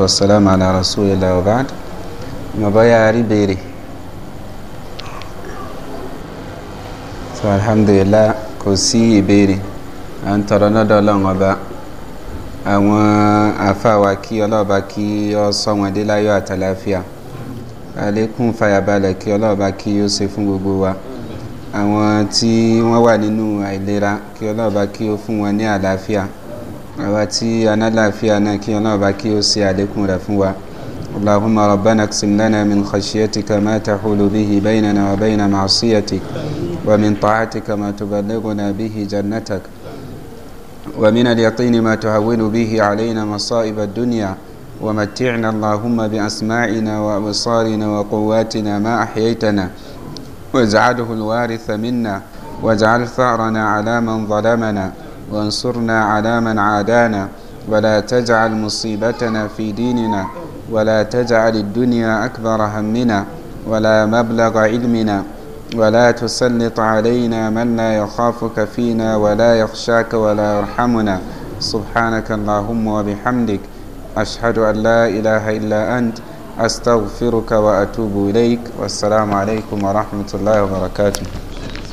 wasalaamu ala rasulillah wabaad maba yaari beere so alhamdulilah kò sí ìbéèrè à ń tọrọ lọ́dọ̀ ọlọ́run ọba àwọn afáwa kí ọlọ́ọ̀ba kí ọ sọ wọn dé láyọ̀ àtàláfíà àlékún fàyàbalẹ̀ kí ọlọ́ọ̀ba kí ó ṣe fún gbogbo wa àwọn tí wọ́n wà nínú àìlera kí ọlọ́ọ̀ba kí ó fún wọn ní àlàáfíà. àwa tí náà kí ọlọ́run bá kí ó ṣe àlékún rẹ̀ fún wa اللهم ربنا اقسم لنا من خشيتك ما تحول به بيننا وبين معصيتك ومن طاعتك ما تبلغنا به جنتك ومن اليقين ما تهون به علينا مصائب الدنيا ومتعنا اللهم بأسماعنا وأبصارنا وقواتنا ما أحييتنا واجعله الوارث منا واجعل ثأرنا على من ظلمنا وانصرنا على من عادانا ولا تجعل مصيبتنا في ديننا ولا تجعل الدنيا أكبر همنا ولا مبلغ علمنا ولا تسلط علينا من لا يخافك فينا ولا يخشاك ولا يرحمنا سبحانك اللهم وبحمدك أشهد أن لا إله إلا أنت أستغفرك وأتوب إليك والسلام عليكم ورحمة الله وبركاته